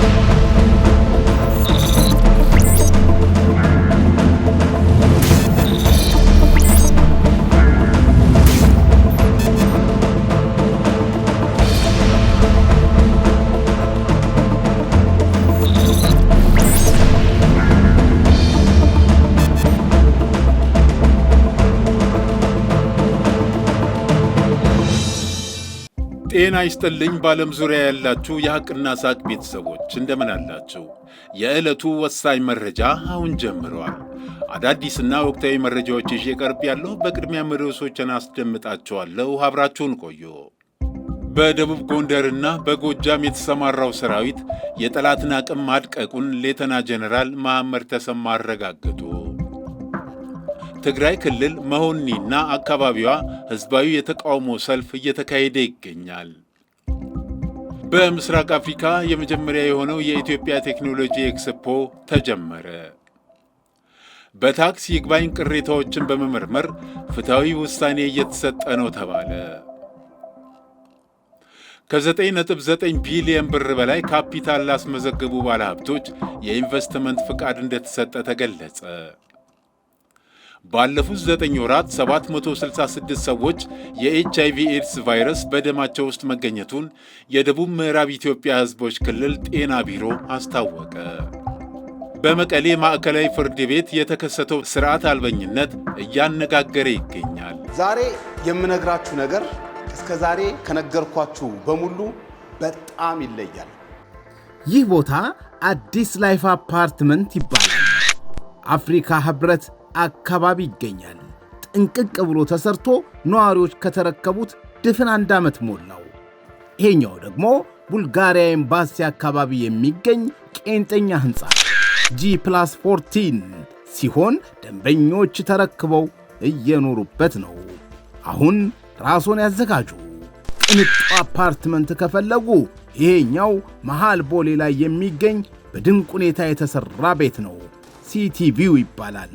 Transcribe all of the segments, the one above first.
Thank you. ጤና ይስጥልኝ በዓለም ዙሪያ ያላችሁ የሐቅና ሳቅ ቤተሰቦች እንደምን አላችሁ? የዕለቱ ወሳኝ መረጃ አሁን ጀምረዋል። አዳዲስና ወቅታዊ መረጃዎች ይዤ ቀርብ ያለሁ። በቅድሚያ ርዕሶችን አስደምጣችኋለሁ። አብራችሁን ቆዩ። በደቡብ ጎንደርና በጎጃም የተሰማራው ሰራዊት የጠላትን አቅም ማድቀቁን ሌተና ጀኔራል መሐመድ ተሰማ አረጋገጡ። ትግራይ ክልል መሆኒና አካባቢዋ ህዝባዊ የተቃውሞ ሰልፍ እየተካሄደ ይገኛል። በምስራቅ አፍሪካ የመጀመሪያ የሆነው የኢትዮጵያ ቴክኖሎጂ ኤክስፖ ተጀመረ። በታክስ ይግባኝ ቅሬታዎችን በመመርመር ፍትሐዊ ውሳኔ እየተሰጠ ነው ተባለ። ከ9.9 ቢሊየን ብር በላይ ካፒታል ላስመዘገቡ ባለሀብቶች የኢንቨስትመንት ፍቃድ እንደተሰጠ ተገለጸ። ባለፉት 9 ወራት 766 ሰዎች የኤች አይቪ ኤድስ ቫይረስ በደማቸው ውስጥ መገኘቱን የደቡብ ምዕራብ ኢትዮጵያ ሕዝቦች ክልል ጤና ቢሮ አስታወቀ። በመቀሌ ማዕከላዊ ፍርድ ቤት የተከሰተው ስርዓት አልበኝነት እያነጋገረ ይገኛል። ዛሬ የምነግራችሁ ነገር እስከ ዛሬ ከነገርኳችሁ በሙሉ በጣም ይለያል። ይህ ቦታ አዲስ ላይፍ አፓርትመንት ይባላል። አፍሪካ ህብረት አካባቢ ይገኛል። ጥንቅቅ ብሎ ተሰርቶ ነዋሪዎች ከተረከቡት ድፍን አንድ ዓመት ሞላው። ይሄኛው ደግሞ ቡልጋሪያ ኤምባሲ አካባቢ የሚገኝ ቄንጠኛ ሕንፃ ጂ ፕላስ 14 ሲሆን ደንበኞች ተረክበው እየኖሩበት ነው። አሁን ራስዎን ያዘጋጁ። ቅንጡ አፓርትመንት ከፈለጉ ይሄኛው መሃል ቦሌ ላይ የሚገኝ በድንቅ ሁኔታ የተሠራ ቤት ነው። ሲቲቪው ይባላል።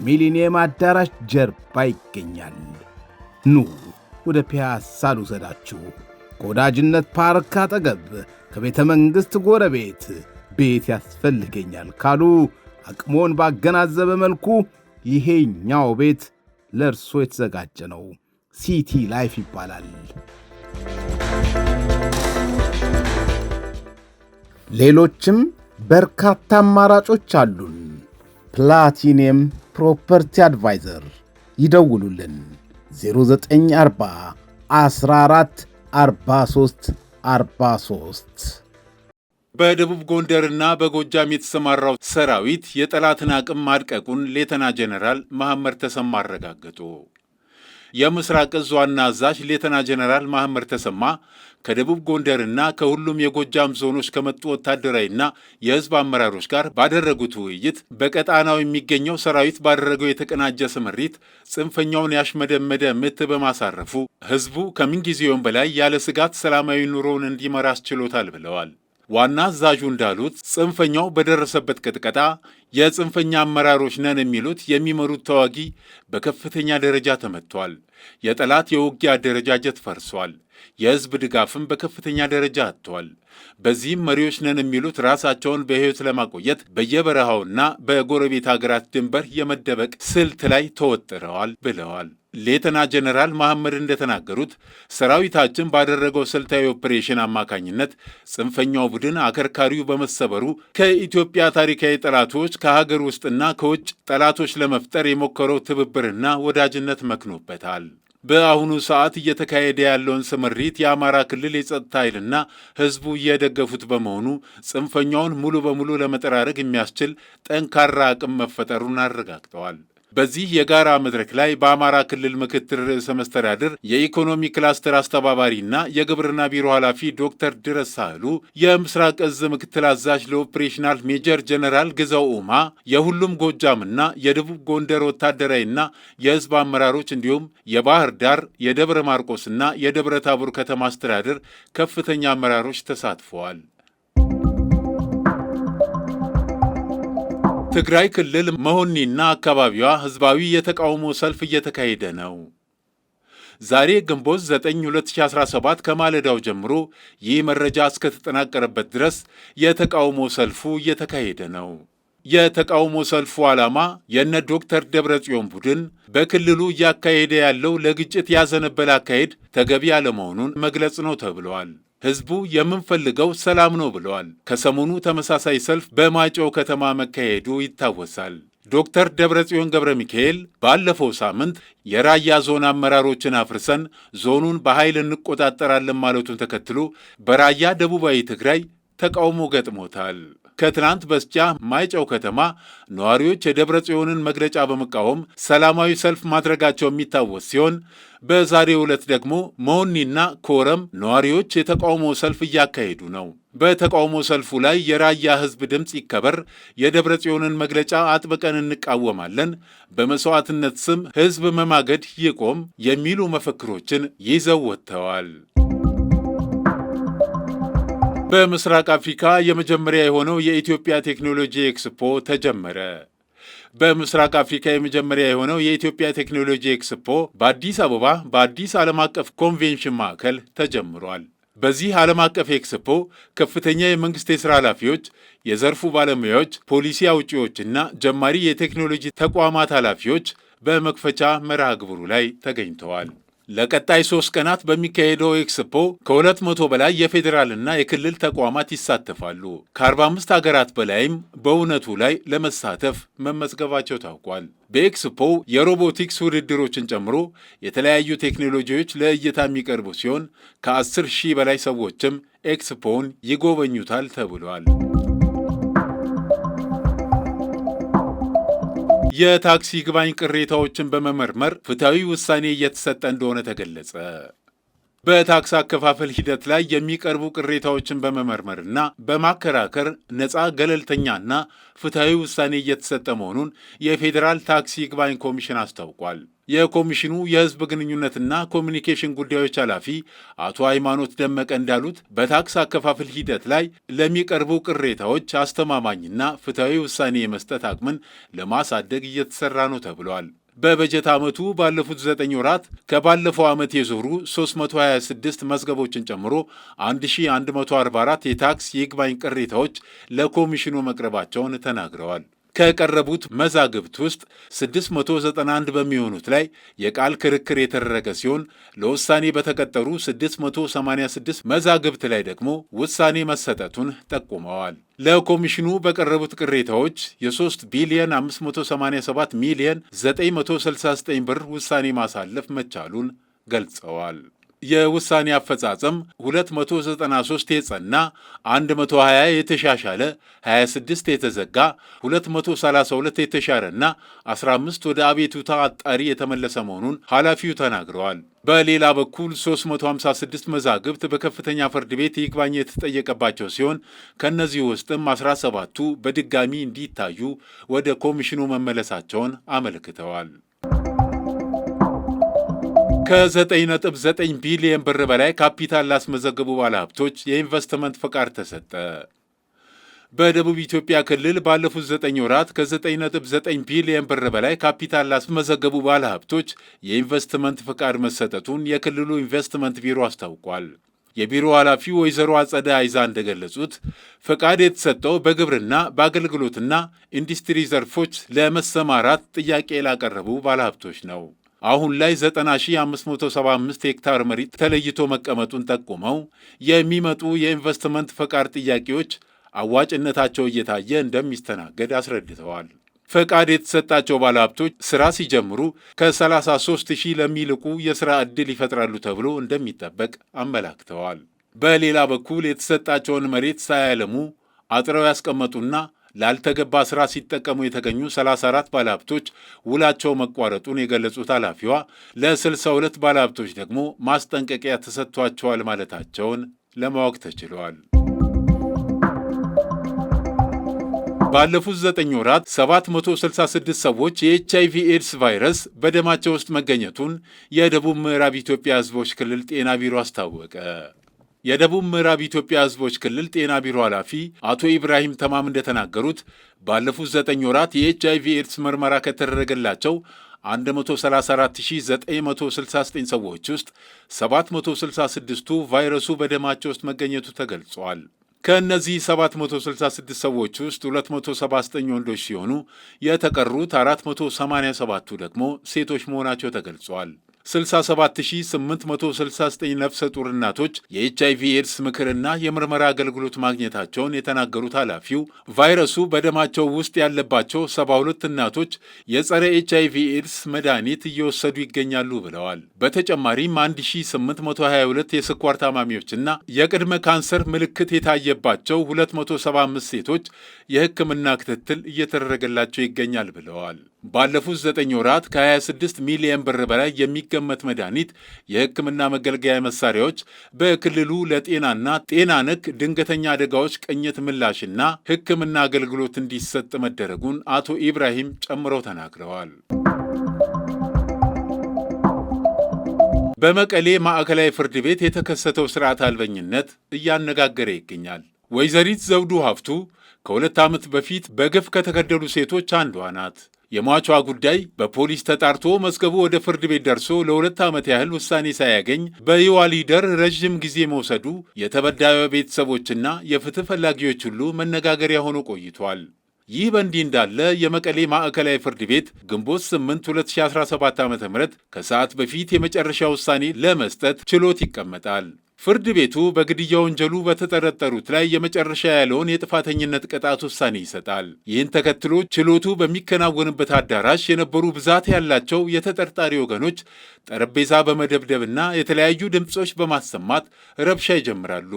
ከሚሊኒየም አዳራሽ ጀርባ ይገኛል። ኑ ወደ ፒያሳ ልውሰዳችሁ። ከወዳጅነት ፓርክ አጠገብ ከቤተ መንግሥት ጎረቤት ቤት ያስፈልገኛል ካሉ አቅሞን ባገናዘበ መልኩ ይሄኛው ቤት ለእርሶ የተዘጋጀ ነው። ሲቲ ላይፍ ይባላል። ሌሎችም በርካታ አማራጮች አሉን። ፕላቲኒየም ፕሮፐርቲ አድቫይዘር ይደውሉልን 0940 14 43 43 በደቡብ ጎንደርና በጎጃም የተሰማራው ሰራዊት የጠላትን አቅም ማድቀቁን ሌተና ጀነራል መሐመድ ተሰማ አረጋገጡ። የምስራቅ እዝ ዋና አዛዥ ሌተና ጀነራል መሐመድ ተሰማ ከደቡብ ጎንደርና ከሁሉም የጎጃም ዞኖች ከመጡ ወታደራዊና የህዝብ አመራሮች ጋር ባደረጉት ውይይት በቀጣናው የሚገኘው ሰራዊት ባደረገው የተቀናጀ ስምሪት ጽንፈኛውን ያሽመደመደ ምት በማሳረፉ ህዝቡ ከምንጊዜውም በላይ ያለ ስጋት ሰላማዊ ኑሮውን እንዲመራ አስችሎታል ብለዋል። ዋና አዛዡ እንዳሉት ጽንፈኛው በደረሰበት ቅጥቀጣ የጽንፈኛ አመራሮች ነን የሚሉት የሚመሩት ተዋጊ በከፍተኛ ደረጃ ተመትቷል። የጠላት የውጊያ አደረጃጀት ፈርሷል። የህዝብ ድጋፍም በከፍተኛ ደረጃ አጥተዋል። በዚህም መሪዎች ነን የሚሉት ራሳቸውን በህይወት ለማቆየት በየበረሃውና በጎረቤት ሀገራት ድንበር የመደበቅ ስልት ላይ ተወጥረዋል ብለዋል። ሌተና ጀነራል መሐመድ እንደተናገሩት ሰራዊታችን ባደረገው ስልታዊ ኦፕሬሽን አማካኝነት ጽንፈኛው ቡድን አከርካሪው በመሰበሩ ከኢትዮጵያ ታሪካዊ ጠላቶች ከሀገር ውስጥና ከውጭ ጠላቶች ለመፍጠር የሞከረው ትብብርና ወዳጅነት መክኖበታል። በአሁኑ ሰዓት እየተካሄደ ያለውን ስምሪት የአማራ ክልል የጸጥታ ኃይልና ህዝቡ እየደገፉት በመሆኑ ጽንፈኛውን ሙሉ በሙሉ ለመጠራረግ የሚያስችል ጠንካራ አቅም መፈጠሩን አረጋግጠዋል። በዚህ የጋራ መድረክ ላይ በአማራ ክልል ምክትል ርዕሰ መስተዳድር የኢኮኖሚ ክላስተር አስተባባሪና የግብርና ቢሮ ኃላፊ ዶክተር ድረስ ሳህሉ፣ የምስራቅ እዝ ምክትል አዛዥ ለኦፕሬሽናል ሜጀር ጀነራል ግዛው ኡማ፣ የሁሉም ጎጃምና የደቡብ ጎንደር ወታደራዊና የህዝብ አመራሮች እንዲሁም የባህር ዳር የደብረ ማርቆስና የደብረ ታቦር ከተማ አስተዳደር ከፍተኛ አመራሮች ተሳትፈዋል። ትግራይ ክልል መሆኒና አካባቢዋ ህዝባዊ የተቃውሞ ሰልፍ እየተካሄደ ነው። ዛሬ ግንቦት 9 2017 ከማለዳው ጀምሮ ይህ መረጃ እስከተጠናቀረበት ድረስ የተቃውሞ ሰልፉ እየተካሄደ ነው። የተቃውሞ ሰልፉ ዓላማ የነ ዶክተር ደብረጽዮን ቡድን በክልሉ እያካሄደ ያለው ለግጭት ያዘነበለ አካሄድ ተገቢ አለመሆኑን መግለጽ ነው ተብለዋል። ህዝቡ የምንፈልገው ሰላም ነው ብለዋል። ከሰሞኑ ተመሳሳይ ሰልፍ በማይጨው ከተማ መካሄዱ ይታወሳል። ዶክተር ደብረጽዮን ገብረ ሚካኤል ባለፈው ሳምንት የራያ ዞን አመራሮችን አፍርሰን ዞኑን በኃይል እንቆጣጠራለን ማለቱን ተከትሎ በራያ ደቡባዊ ትግራይ ተቃውሞ ገጥሞታል። ከትናንት በስቲያ ማይጨው ከተማ ነዋሪዎች የደብረ ጽዮንን መግለጫ በመቃወም ሰላማዊ ሰልፍ ማድረጋቸው የሚታወስ ሲሆን በዛሬው ዕለት ደግሞ መሆኒና ኮረም ነዋሪዎች የተቃውሞ ሰልፍ እያካሄዱ ነው። በተቃውሞ ሰልፉ ላይ የራያ ሕዝብ ድምፅ ይከበር፣ የደብረ ጽዮንን መግለጫ አጥብቀን እንቃወማለን፣ በመስዋዕትነት ስም ሕዝብ መማገድ ይቆም የሚሉ መፈክሮችን ይዘው ወጥተዋል። በምስራቅ አፍሪካ የመጀመሪያ የሆነው የኢትዮጵያ ቴክኖሎጂ ኤክስፖ ተጀመረ። በምስራቅ አፍሪካ የመጀመሪያ የሆነው የኢትዮጵያ ቴክኖሎጂ ኤክስፖ በአዲስ አበባ በአዲስ ዓለም አቀፍ ኮንቬንሽን ማዕከል ተጀምሯል። በዚህ ዓለም አቀፍ ኤክስፖ ከፍተኛ የመንግሥት የሥራ ኃላፊዎች፣ የዘርፉ ባለሙያዎች፣ ፖሊሲ አውጪዎችና ጀማሪ የቴክኖሎጂ ተቋማት ኃላፊዎች በመክፈቻ መርሃ ግብሩ ላይ ተገኝተዋል። ለቀጣይ ሶስት ቀናት በሚካሄደው ኤክስፖ ከሁለት መቶ በላይ የፌዴራልና የክልል ተቋማት ይሳተፋሉ። ከ45 ሀገራት በላይም በእውነቱ ላይ ለመሳተፍ መመዝገባቸው ታውቋል። በኤክስፖ የሮቦቲክስ ውድድሮችን ጨምሮ የተለያዩ ቴክኖሎጂዎች ለእይታ የሚቀርቡ ሲሆን ከ10 ሺህ በላይ ሰዎችም ኤክስፖውን ይጎበኙታል ተብሏል። የታክሲ ይግባኝ ቅሬታዎችን በመመርመር ፍትሐዊ ውሳኔ እየተሰጠ እንደሆነ ተገለጸ። በታክስ አከፋፈል ሂደት ላይ የሚቀርቡ ቅሬታዎችን በመመርመርና በማከራከር ነፃ ገለልተኛና ፍትሐዊ ውሳኔ እየተሰጠ መሆኑን የፌዴራል ታክሲ ይግባኝ ኮሚሽን አስታውቋል። የኮሚሽኑ የህዝብ ግንኙነትና ኮሚኒኬሽን ጉዳዮች ኃላፊ አቶ ሃይማኖት ደመቀ እንዳሉት በታክስ አከፋፈል ሂደት ላይ ለሚቀርቡ ቅሬታዎች አስተማማኝና ፍትሐዊ ውሳኔ የመስጠት አቅምን ለማሳደግ እየተሰራ ነው ተብሏል። በበጀት ዓመቱ ባለፉት ዘጠኝ ወራት ከባለፈው ዓመት የዞሩ 326 መዝገቦችን ጨምሮ 1144 የታክስ ይግባኝ ቅሬታዎች ለኮሚሽኑ መቅረባቸውን ተናግረዋል። ከቀረቡት መዛግብት ውስጥ 691 በሚሆኑት ላይ የቃል ክርክር የተደረገ ሲሆን ለውሳኔ በተቀጠሩ 686 መዛግብት ላይ ደግሞ ውሳኔ መሰጠቱን ጠቁመዋል። ለኮሚሽኑ በቀረቡት ቅሬታዎች የ3 ቢሊዮን 587 ሚሊዮን 969 ብር ውሳኔ ማሳለፍ መቻሉን ገልጸዋል። የውሳኔ አፈጻጸም 293 የጸና 120 የተሻሻለ 26 የተዘጋ 232 የተሻረና 15 ወደ አቤቱታ አጣሪ የተመለሰ መሆኑን ኃላፊው ተናግረዋል። በሌላ በኩል 356 መዛግብት በከፍተኛ ፍርድ ቤት ይግባኝ የተጠየቀባቸው ሲሆን ከእነዚህ ውስጥም 17ቱ በድጋሚ እንዲታዩ ወደ ኮሚሽኑ መመለሳቸውን አመልክተዋል። ከ9.9 ቢሊየን ብር በላይ ካፒታል ላስመዘገቡ ባለሀብቶች የኢንቨስትመንት ፈቃድ ተሰጠ። በደቡብ ኢትዮጵያ ክልል ባለፉት 9 ወራት ከ9.9 ቢሊየን ብር በላይ ካፒታል ላስመዘገቡ ባለሀብቶች የኢንቨስትመንት ፈቃድ መሰጠቱን የክልሉ ኢንቨስትመንት ቢሮ አስታውቋል። የቢሮ ኃላፊ ወይዘሮ አጸደ አይዛ እንደገለጹት ፈቃድ የተሰጠው በግብርና በአገልግሎትና ኢንዱስትሪ ዘርፎች ለመሰማራት ጥያቄ ላቀረቡ ባለሀብቶች ነው። አሁን ላይ 90575 ሄክታር መሬት ተለይቶ መቀመጡን ጠቁመው የሚመጡ የኢንቨስትመንት ፈቃድ ጥያቄዎች አዋጭነታቸው እየታየ እንደሚስተናገድ አስረድተዋል። ፈቃድ የተሰጣቸው ባለሀብቶች ስራ ሲጀምሩ ከ33 ሺህ ለሚልቁ የሥራ ዕድል ይፈጥራሉ ተብሎ እንደሚጠበቅ አመላክተዋል። በሌላ በኩል የተሰጣቸውን መሬት ሳያለሙ አጥረው ያስቀመጡና ላልተገባ ስራ ሲጠቀሙ የተገኙ 34 ባለሀብቶች ውላቸው መቋረጡን የገለጹት ኃላፊዋ ለ62 ባለሀብቶች ደግሞ ማስጠንቀቂያ ተሰጥቷቸዋል ማለታቸውን ለማወቅ ተችሏል። ባለፉት ዘጠኝ ወራት 766 ሰዎች የኤች ኤድስ ቫይረስ በደማቸው ውስጥ መገኘቱን የደቡብ ምዕራብ ኢትዮጵያ ሕዝቦች ክልል ጤና ቢሮ አስታወቀ። የደቡብ ምዕራብ ኢትዮጵያ ህዝቦች ክልል ጤና ቢሮ ኃላፊ አቶ ኢብራሂም ተማም እንደተናገሩት ባለፉት ዘጠኝ ወራት የኤች ቪ ኤድስ ምርመራ ከተደረገላቸው 134969 ሰዎች ውስጥ 766ቱ ቫይረሱ በደማቸው ውስጥ መገኘቱ ተገልጿል። ከእነዚህ 766 ሰዎች ውስጥ 279 ወንዶች ሲሆኑ የተቀሩት 487ቱ ደግሞ ሴቶች መሆናቸው ተገልጿል። 67869 ነፍሰ ጡር እናቶች የኤች አይቪ ኤድስ ምክርና የምርመራ አገልግሎት ማግኘታቸውን የተናገሩት ኃላፊው ቫይረሱ በደማቸው ውስጥ ያለባቸው 72 እናቶች የጸረ ኤች አይቪ ኤድስ መድኃኒት እየወሰዱ ይገኛሉ ብለዋል። በተጨማሪም 1822 የስኳር ታማሚዎችና የቅድመ ካንሰር ምልክት የታየባቸው 275 ሴቶች የሕክምና ክትትል እየተደረገላቸው ይገኛል ብለዋል። ባለፉት ዘጠኝ ወራት ከ26 ሚሊየን ብር በላይ የሚገመት መድኃኒት፣ የሕክምና መገልገያ መሳሪያዎች በክልሉ ለጤናና ጤና ነክ ድንገተኛ አደጋዎች ቅኝት ምላሽና ሕክምና አገልግሎት እንዲሰጥ መደረጉን አቶ ኢብራሂም ጨምረው ተናግረዋል። በመቀሌ ማዕከላዊ ፍርድ ቤት የተከሰተው ስርዓት አልበኝነት እያነጋገረ ይገኛል። ወይዘሪት ዘውዱ ሀፍቱ ከሁለት ዓመት በፊት በግፍ ከተገደሉ ሴቶች አንዷ ናት። የሟቿ ጉዳይ በፖሊስ ተጣርቶ መዝገቡ ወደ ፍርድ ቤት ደርሶ ለሁለት ዓመት ያህል ውሳኔ ሳያገኝ በይዋሊደር ረዥም ጊዜ መውሰዱ የተበዳዩ ቤተሰቦችና የፍትህ ፈላጊዎች ሁሉ መነጋገሪያ ሆኖ ቆይቷል። ይህ በእንዲህ እንዳለ የመቀሌ ማዕከላዊ ፍርድ ቤት ግንቦት 8 2017 ዓ ም ከሰዓት በፊት የመጨረሻ ውሳኔ ለመስጠት ችሎት ይቀመጣል። ፍርድ ቤቱ በግድያ ወንጀሉ በተጠረጠሩት ላይ የመጨረሻ ያለውን የጥፋተኝነት ቅጣት ውሳኔ ይሰጣል። ይህን ተከትሎ ችሎቱ በሚከናወንበት አዳራሽ የነበሩ ብዛት ያላቸው የተጠርጣሪ ወገኖች ጠረጴዛ በመደብደብና የተለያዩ ድምፆች በማሰማት ረብሻ ይጀምራሉ።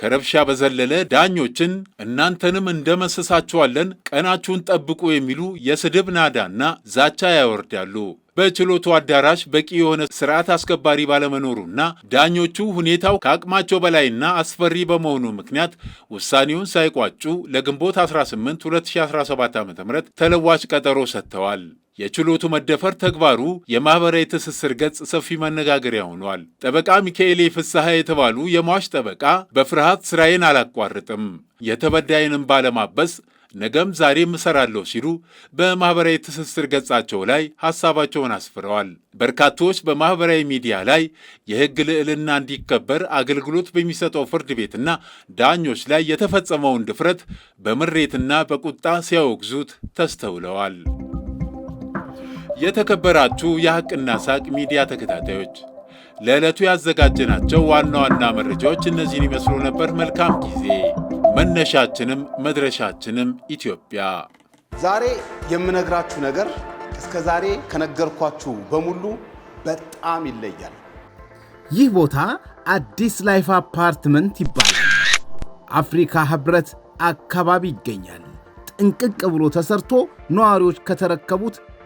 ከረብሻ በዘለለ ዳኞችን እናንተንም እንደመስሳችኋለን፣ ቀናችሁን ጠብቁ የሚሉ የስድብ ናዳና ዛቻ ያወርዳሉ። በችሎቱ አዳራሽ በቂ የሆነ ስርዓት አስከባሪ ባለመኖሩና ዳኞቹ ሁኔታው ከአቅማቸው በላይና አስፈሪ በመሆኑ ምክንያት ውሳኔውን ሳይቋጩ ለግንቦት 18 2017 ዓ ም ተለዋጭ ቀጠሮ ሰጥተዋል። የችሎቱ መደፈር ተግባሩ የማኅበራዊ ትስስር ገጽ ሰፊ መነጋገሪያ ሆኗል። ጠበቃ ሚካኤሌ ፍስሐ የተባሉ የሟች ጠበቃ በፍርሃት ስራዬን አላቋርጥም፣ የተበዳይንም ባለማበስ ነገም ዛሬም እሰራለሁ ሲሉ በማኅበራዊ ትስስር ገጻቸው ላይ ሐሳባቸውን አስፍረዋል። በርካቶች በማኅበራዊ ሚዲያ ላይ የሕግ ልዕልና እንዲከበር አገልግሎት በሚሰጠው ፍርድ ቤትና ዳኞች ላይ የተፈጸመውን ድፍረት በምሬትና በቁጣ ሲያወግዙት ተስተውለዋል። የተከበራችሁ የሐቅና ሳቅ ሚዲያ ተከታታዮች ለዕለቱ ያዘጋጀናቸው ዋና ዋና መረጃዎች እነዚህን ይመስሉ ነበር። መልካም ጊዜ። መነሻችንም መድረሻችንም ኢትዮጵያ። ዛሬ የምነግራችሁ ነገር እስከ ዛሬ ከነገርኳችሁ በሙሉ በጣም ይለያል። ይህ ቦታ አዲስ ላይፍ አፓርትመንት ይባላል። አፍሪካ ህብረት አካባቢ ይገኛል። ጥንቅቅ ብሎ ተሰርቶ ነዋሪዎች ከተረከቡት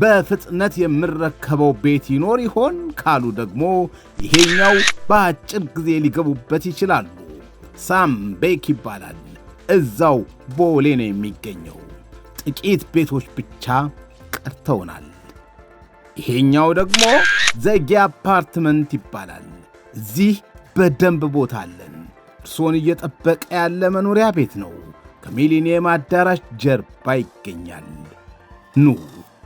በፍጥነት የምረከበው ቤት ይኖር ይሆን ካሉ ደግሞ ይሄኛው በአጭር ጊዜ ሊገቡበት ይችላሉ። ሳም ቤክ ይባላል። እዛው ቦሌ ነው የሚገኘው። ጥቂት ቤቶች ብቻ ቀርተውናል። ይሄኛው ደግሞ ዘጌ አፓርትመንት ይባላል። እዚህ በደንብ ቦታ አለን። እርሶን እየጠበቀ ያለ መኖሪያ ቤት ነው። ከሚሊኒየም አዳራሽ ጀርባ ይገኛል። ኑ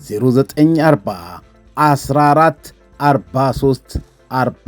0940 14 43